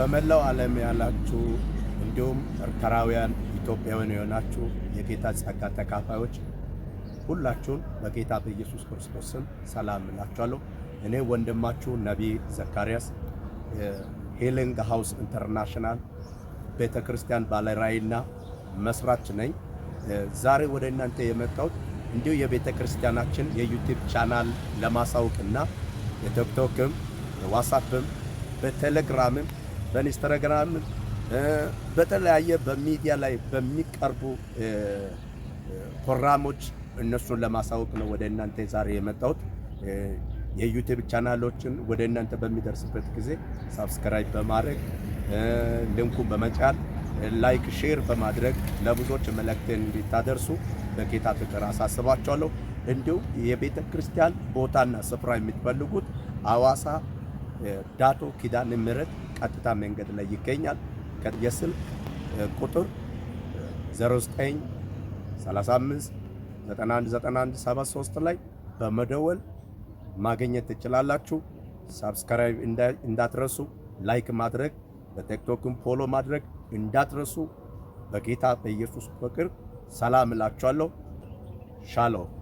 በመላው ዓለም ያላችሁ እንዲሁም ኤርትራውያን ኢትዮጵያውያን የሆናችሁ የጌታ ጸጋ ተካፋዮች ሁላችሁን በጌታ በኢየሱስ ክርስቶስ ስም ሰላም እላችኋለሁ። እኔ ወንድማችሁ ነቢይ ዘካርያስ ሂሊንግ ሃውስ ኢንተርናሽናል ቤተ ክርስቲያን መስራች ነኝ። ዛሬ ወደ እናንተ የመጣሁት እንዲሁ የቤተ ክርስቲያናችን የዩቲዩብ ቻናል ለማሳወቅና የቲክቶክም የዋትሳፕም በቴሌግራምም በኢንስታግራም በተለያየ በሚዲያ ላይ በሚቀርቡ ፕሮግራሞች እነሱን ለማሳወቅ ነው ወደ እናንተ ዛሬ የመጣሁት። የዩቲዩብ ቻናሎችን ወደ እናንተ በሚደርስበት ጊዜ ሳብስክራይብ በማድረግ ሊንኩን በመጫን ላይክ፣ ሼር በማድረግ ለብዙዎች መልእክትን እንዲታደርሱ በጌታ ፍቅር አሳስባቸዋለሁ። እንዲሁም የቤተ ክርስቲያን ቦታና ስፍራ የምትፈልጉት አዋሳ ዳቶ ኪዳነ ምሕረት ቀጥታ መንገድ ላይ ይገኛል። የስልክ ቁጥር 09 35 91 91 73 ላይ በመደወል ማግኘት ትችላላችሁ። ሳብስክራይብ እንዳትረሱ፣ ላይክ ማድረግ፣ በቲክቶክም ፎሎ ማድረግ እንዳትረሱ። በጌታ በኢየሱስ ፍቅር ሰላም እላችኋለሁ። ሻሎም